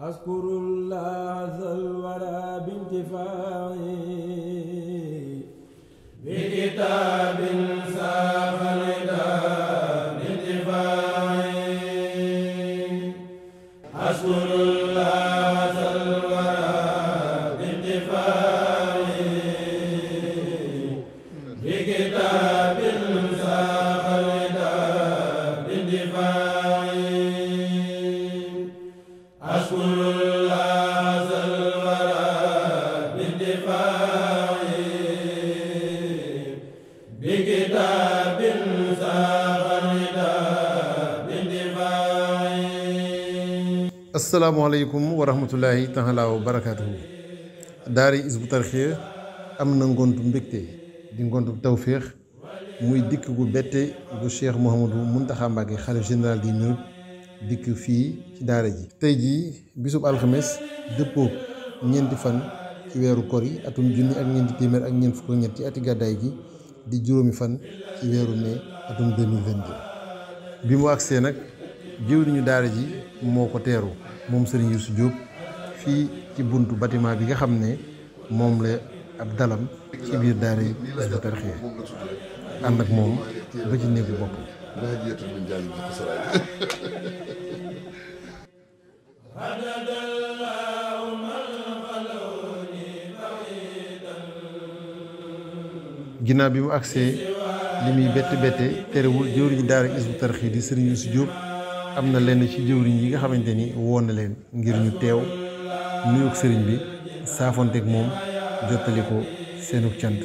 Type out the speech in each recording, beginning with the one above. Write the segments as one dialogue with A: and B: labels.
A: أذكر الله ذا الورى بانتفاعي بكتاب ساق لدى بانتفاعي أذكر الله ذا الورى بانتفاعي بكتاب ساق لدى بانتفاعي asalaamualeykum wa rahmatullahi taala wa barakaatuhu daari Hizbut Tarqiyyah am na ngontu mbégte di ngontu tawféex muy dikk bu bette gu Cheikh Mouhamadou Mountakha Mbacké xalif général di murit dikk fii ci daara ji tey jii bisub alxames dëppoo ñeenti fan ci weeru kor yi atum junni ak ñeenti téeméer ak ñeent fukk ak ñett ati gàddaay gi di juróomi fan ci weeru mai atum 2022 mu agsee nag jëwriñu daara ji moo ko teeru moom Serigne Youssou Diop fii ci buntu bâtiment bi nga xam ne moom la ab dalam ci biir daara yi Hizbut Tarqiyyah moom ci néegu bopp ginnaaw bi agsee li muy bette bette terewul jëwriñu daara Hizbut di Serigne Youssou Diop am na lenn ci jëwriñ yi nga xamante ni woo na leen ngir ñu teew nuyu sëriñ bi saafonteeg moom jottali ko seenug cant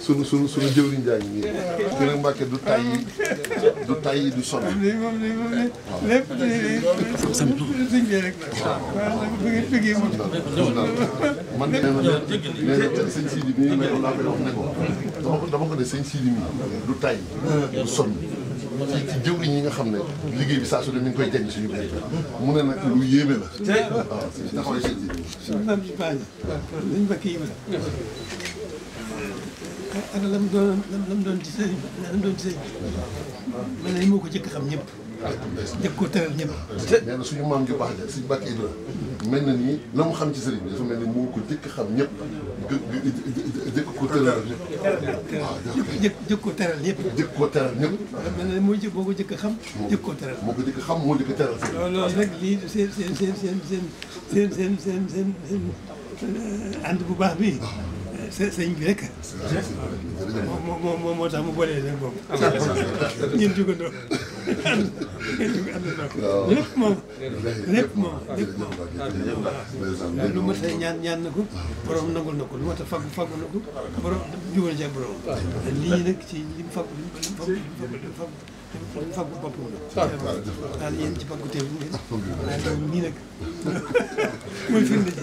A: sunu sunu sunu jëwriñ jaa ngi nii
B: gën a mbàkke du tay du tay du sonn moom li moom
A: li lépp man nee na nee na sëñ Sidi
B: bi ma ko laa koy wax ne ko dama ko ne sëñ Sidi mi du tay du sonn ci ci jëwriñ yi nga xam ne liggéey bi saa su ne mi ngi koy jañ suñu mu ne nag lu yéeme la.
A: waaw suñu taxawal si ji. nañ ma kii la. ak la mu doon la mu doon ci sëriñ la mu doon ci
B: ko jëkk xam ñëpp. njëkk ko tëral ñëpp. nee na suñu maam ju baax ja suñu bàkk Ibra mel na nii la mu xam ci sëriñ bi mel ni moo ko jëkk xam ñëpp jëkk ko tëral
A: ñëpp. waaw jëkk ko tëral ñëpp. jëkk ko tëral ñëpp. mel na moo ko jëkk xam. jëkk moo jëkk xam moo jëkk tëral sëriñ bi. loolu rek lii seen seen seen seen seen seen seen seen ànd bu baax bi. sëñ bi
B: rek moo moo moo tax mu boole leen boobu ñun waaw lépp moom lépp moom lépp moom waaw lu mat a
A: ñaan ñaan na ko borom nangul na ko lu mat a faggu faggu na ko borom jubal ci ak borom lii nag ci li mu faggu li mu faggu li mu faggu wala faggu bopp mu nekk. daal yéen ci faggu teewul ngeen. alhamdulilah nii nag. mooy firnde ji.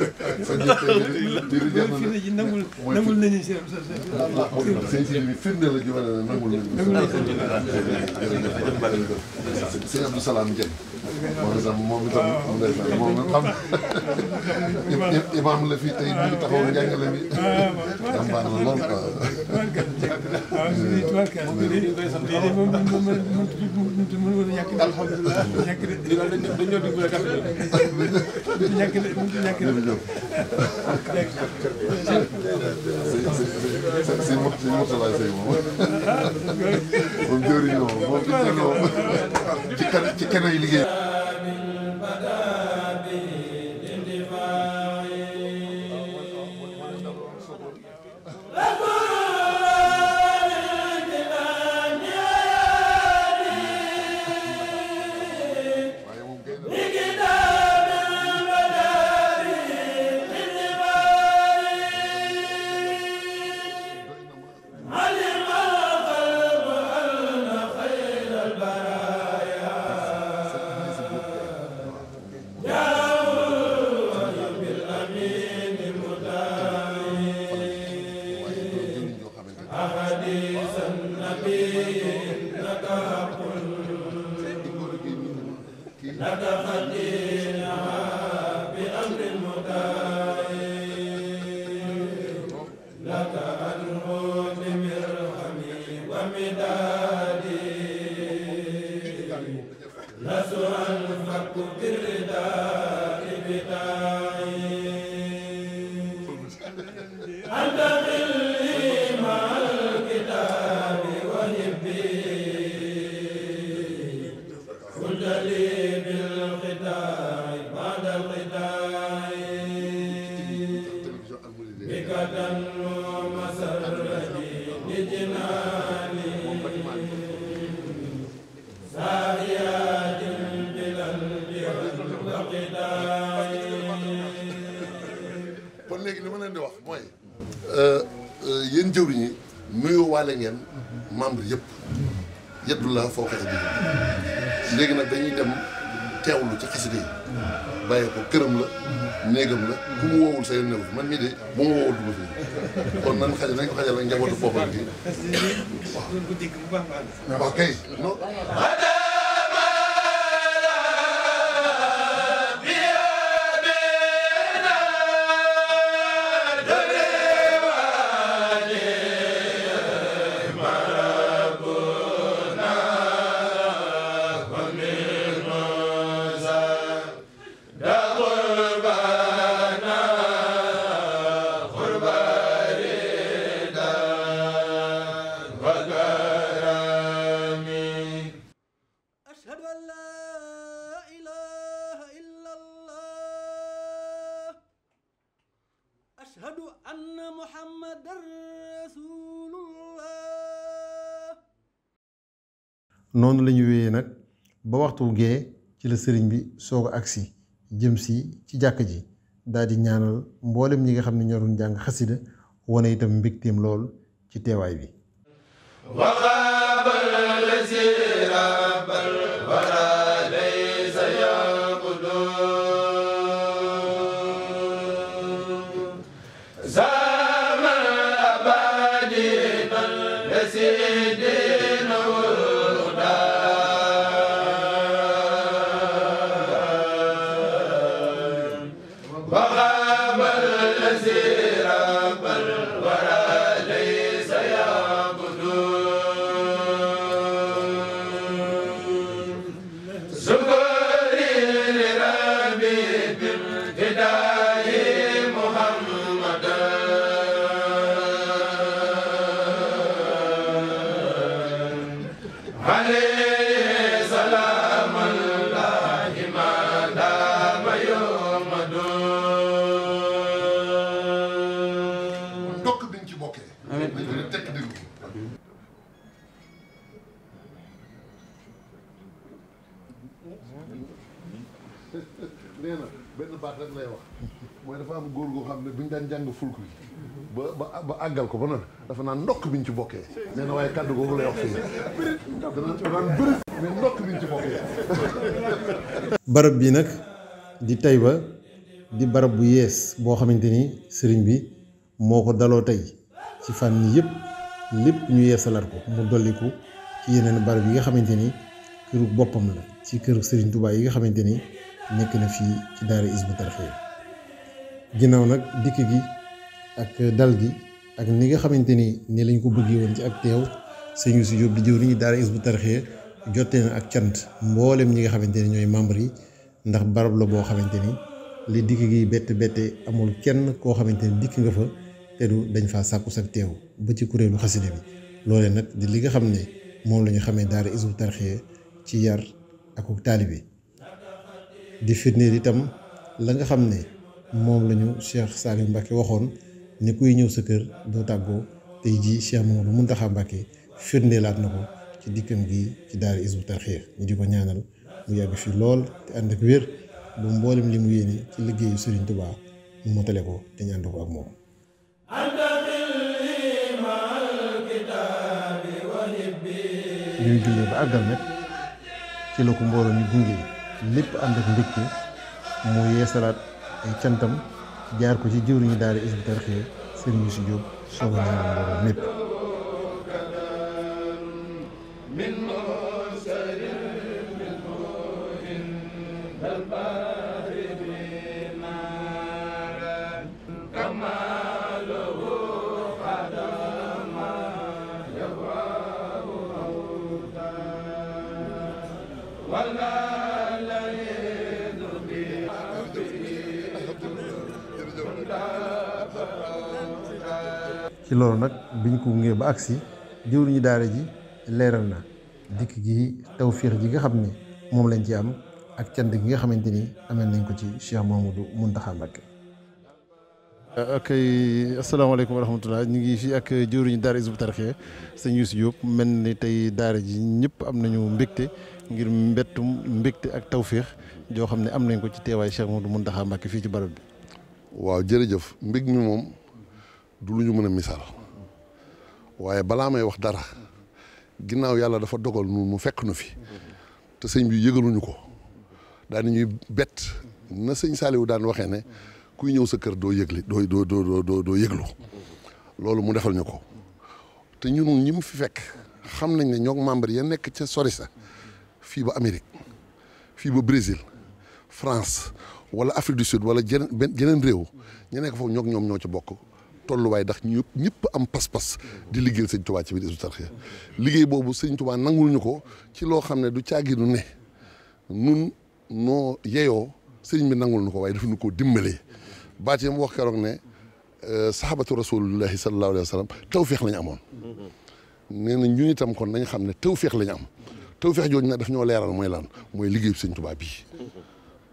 A: mooy firnde ji nangul
B: nangul nañu si sa sa. firnde la ji wala nangul nañu. nangul nañu si sa. sëñ Abdou Salaam Dieng. moom itam moom itam moom la xam. imaam la fi tey
A: ñu ngi taxaw njàngale bi. jàmbaar la lool quoi. mënut mënut a ñàkk de alhamdulilah ñàkk de a ñàkk de mënut
B: a ci kan ci kan ay liggéey laka xadi mooy euh, yéen jëwriñ yi nuyoo waale ngeen membre yëpp yëpp la foo ko bi léegi nag dañuy dem teewlu ci xasida yi bàyyi këram la néegam la ku mu woowul sa man mii de bu mu woowul du ma kon nan xajal nañ ko xajal ak njabootu boppam gi waaw لا إله إلا الله
A: noonu la ñu nag ba waxtu gee ci la sëriñ bi soog a agsi jëm si ci jàkk ji daal di ñaanal mboolem ñi nga xam ne ñoo doon jàng xasida wane itam mbégteem lool ci teewaay bi
B: rek dafa am góor goo daan jàng fulku àggal ko ba noonu dafa naan ndokk bi ci bokkee nee waaye kàddu googu
A: barab bi nag di tey ba di barab bu yees boo xamante ni sëriñ bi moo ko daloo tey ci fànn yëpp lépp ñu yeesalaat ko mu dolliku ci yeneen barab yi nga xamante ni këru boppam la ci këru sëriñ Tuubaa yi nga xamante ni nekk na fii ci daara Hizbut Tarqiyyah ginnaaw nag dikk gi ak dal gi ak ni nga xamante ni ni lañ ko bëggee woon ci ak teew sëñ Youssou Diop di jëwriñ ñi daara Hizbut Tarqiyyah jotee na ak cant mboolem ñi nga xamante ni ñooy membre yi ndax barab la boo xamante ni li dikk gi bette bette amul kenn koo xamante ni dikk nga fa te dañ faa sàkku sa teew ba ci kuréelu xaside bi loolee nag di li nga xam ne moom la ñu xamee daara Hizbut Tarqiyyah ci yar ak taalibe di firndeel itam la nga xam ne moom lañu ñu Cheikh Saliou waxoon ni kuy ñëw sa kër doo tàggoo tey jii Cheikh taxa Mountakha Mbacké laat na ko ci dikkam gi ci daara bu Tarqiyyah ñu di ko ñaanal mu yàgg fi lool te ànd ak wér ba mboolem li mu yéene ci liggéeyu Serigne Touba mu motale ko te ñu ànd ko ak moom.
B: bi ñu jullee ba àggal nag
A: ci la ko mbooloo ñu lépp ànd ak mbégte mu yeesalaat ay cantam jaar ko ci jëwriñu daara Hizbut Tarqiyyah sëriñ Youssou Diop soog a ñaanal mbooloo mépp ci loolu nag biñ ko ngee ba agsi jëwriñu daara ji leeral na dikk gi tawfiix ji nga xam ni moom lañ ci am ak cant gi nga xamante ni amee nañ ko ci Cheikh moom Mountakha Mbacké ak ñu ngi ak jëwriñu daara Hizbut Tarqiyyah sëñ Youssou Diop mel ni tey daara ji ñëpp am nañu mbégte ngir mbettum mbégte ak tawfiix joo xam ne am nañ ko ci teewaay Cheikh Mouhamadou Mountakha Mbacké fii ci barab bi waaw jërëjëf mbég mi moom du lu ñu mën a missaal
B: waaye balaa may wax dara ginnaaw yàlla dafa dogal nu mu fekk nu fi te sëñ bi yëgaluñu ko daan ñuy bett na sëñ Saliou daan waxee ne kuy ñëw sa kër doo yëgli doo doo doo doo yëglu loolu mu defal ñu ko te ñun ñi mu fi fekk xam nañ ne ñoo membre ya nekk ca sori sa fii ba Amérique fii ba Brésil France wala Afrique du Sud wala jeneen beneen réew ñu nekk foofu ñoog ñoom ñoo ci bokk tolluwaay ndax ñu ñëpp am pas-pas di liggéey sëñ ci biir Hizbut Tarqiyyah liggéey boobu sëñ Tuubaa nangul ñu ko ci loo xam ne du caaginu ne nun noo yeyoo sëñ bi nangul ñu ko waaye daf ko koo dimbalee baat yam wax keroog ne euh, sahabatu rasulullahi sallallahu alayhi wa sallam tawféex la ñu amoon nee na ñun itam kon nañ xam ne tawféex la ñu am tawféex jooju nag daf ñoo leeral mooy lan mooy liggéey sëñ Tuubaa bii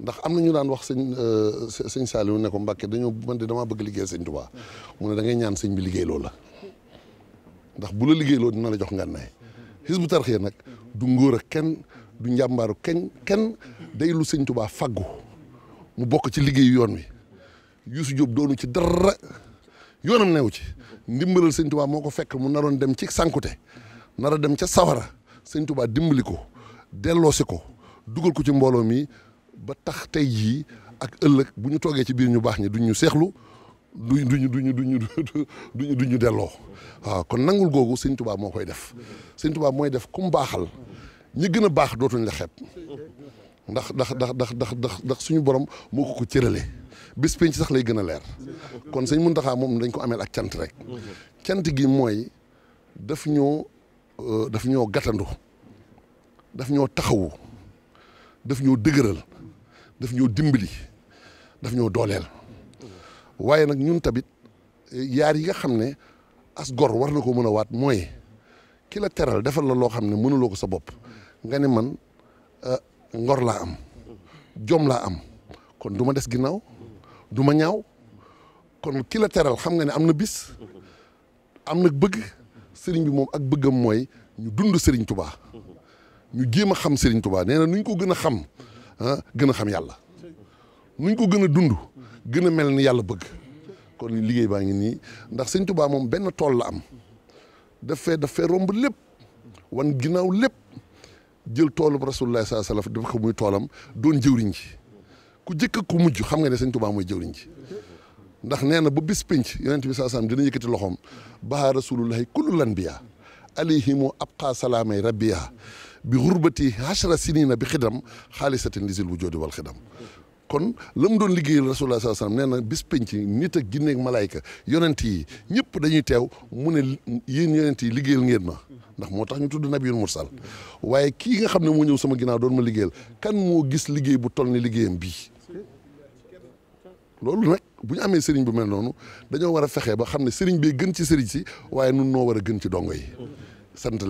B: ndax am na ñu daan wax sëñ euh, sëñ Saliou ne ko Mbàkke dañoo man di damaa bëgg liggéeyal sëñ Tuubaa mu ne da ngay ñaan sëñ bi liggéey loolu ndax bu la liggéey loolu dina la jox ngànnaay Hizbut Tarqiyyah nag du ngóor ak kenn du njàmbaaru kenn kenn day lu sëñ tubaa faggu mu bokk ci liggéeyu yoon wi Youssou Diop doonu ci dara yoonam new ci ndimbalal sëñ tubaa moo ko fekk mu naroon dem ci sànkute nar dem ca sawara sëñ Tuubaa dimbali ko delloosi ko dugal ko ci mbooloo mi ba tax tey yii ak ëllëg bu ñu toogee ci biir ñu baax ñi duñ ñu seexlu duñ duñu duñu duñu duñu duñu delloo waaw kon nangul googu sëñ Tuubaa moo koy def sëñ Tuubaa mooy def ku mu baaxal ñi gën a baax dootuñ la xeeb ndax ndax ndax ndax ndax ndax suñu borom moo ko ko cëralee bés penc sax lay gën a leer kon sëñ Muntaxaa moom dañ ko ameel ak cant rek cant gi mooy daf ñoo euh, daf ñoo gàttandu daf ñoo taxawu daf ñoo dëgëral daf ñoo dimbali daf ñëw dooleel waaye nag ñun tamit yaar yi nga xam ne as gor war na koo mën a waat mooy ki la teral defal la loo xam ne mënuloo ko sa bopp nga ne man ah, ngor laa am jom laa am kon duma des ginnaaw duma ma ñaaw kon ki teral xam nga ne am na bis am na bëgg sëriñ bi moom ak bëggam mooy ñu dund sëriñ tubaa ñu jéem a xam sëriñ tubaa nee na nuñ ko gën a xam Ah, gën a xam yàlla nuñ ko gën a dund gën a mel ni yàlla bëgg kon liggéey baa ngi nii ndax sëñ Tuubaa moom benn tool la am def fee daf fee romb lépp wan ginnaaw lépp jël toolu rasulullah saa salaf def ko muy toolam doon jëwriñ ji ku jëkk ku mujj xam nga ne sëñ Tuubaa jëw jëwriñ ji ndax nee na ba bis pénc yonent bi saa salaam dina yëkkati loxoom baa rasulullahi kullu lanbiya alayhimu abqa salaamay rabbiya bi xurbati hachara sinina bi xidam xaalisatin lisil wu joodi wal xidam kon la mu doon liggéeyal rasulullah sallallahu alayhi wasallam nee na bis penc nit ak ginneeg malaayka yonent yi ñëpp dañuy teew mu ne yéen yonent yi liggéeyal ngeen ma ndax moo tax ñu tudd nabiyul mursal waaye kii nga xam ne moo ñëw sama ginnaaw doon ma liggéeyal kan moo gis liggéey bu toll ni liggéeyam bii loolu nag bu ñu amee sëriñ bu mel noonu dañoo war a fexe ba xam ne sëriñ bee gën ci sëriñ si waaye nun noo war a gën ci dongo yi sant